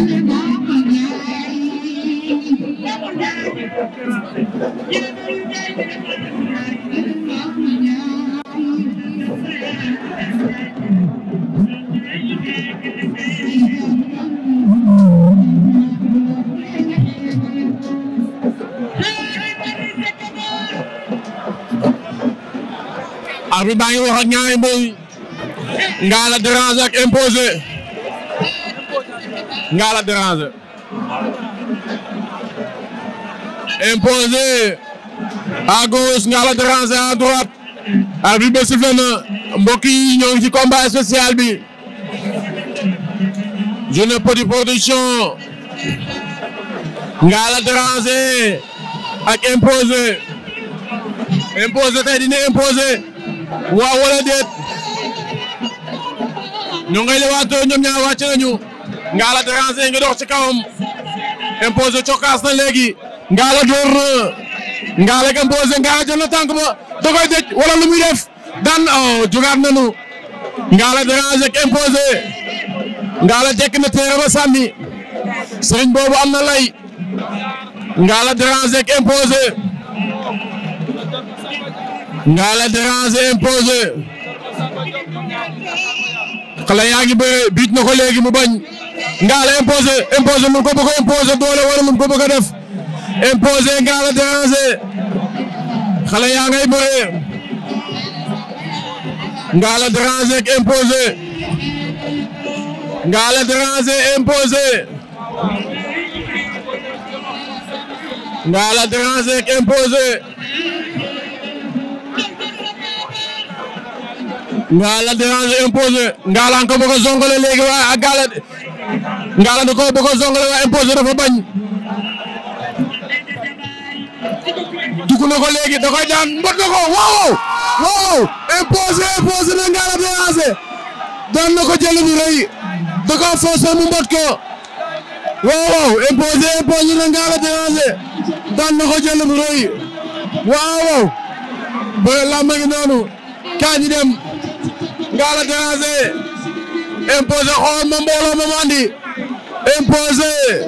arbitre baa ngi wax ak ñaari mbéy Ngalla Dérange ngaa la déranger. imposé à gauche ngaa la déranger à droite. arbitre bi sifflé na mbokk yi ñoo ngi ci combat spécial bi. Diouné Petit Production. ngaa la déranger ak imposé. imposé tey dina imposé. waaw déet. ñoo ngay lewaatoo ñoom ñaar wàcc nañu. Ngalla déranger ngi dox ci kawam imposé cokaas na léegi Ngalla door na Ngalla ga na tànk ba da koy wala lu def daan oh jugaat nañu Ngalla déranger ak imposé dekk na téere ba sànni sëriñ boobu am na lay Ngalla déranger ak imposé Ngalla déranger imposé yaa ngi bëre biit na ko léegi mu bañ Ngalla imposé imposé mun ko bëgg a imposé doole wala mun ko bëgg a def imposé Ngalla dérangé xale yaa ngay bëree Ngalla dérangé ak imposé Ngalla dérangé imposé Ngalla dérangé ak imposé Ngalla dérangé imposé Ngalla nga ko bëgg a zongale léegi waaye ak Ngalla Ngalla da ko da ko zongale waa bañ dugg na léegi da koy mbot na ko waaw waaw imposé imposé na Ngalla déranger daan na ko jël bu mbot ko waaw imposé imposé na Ngalla déranger daan na ko jël bu waaw ba làmb gi noonu kaa dem Ngalla déranger imposé xool oh, ma mbooloo ma mandi imposé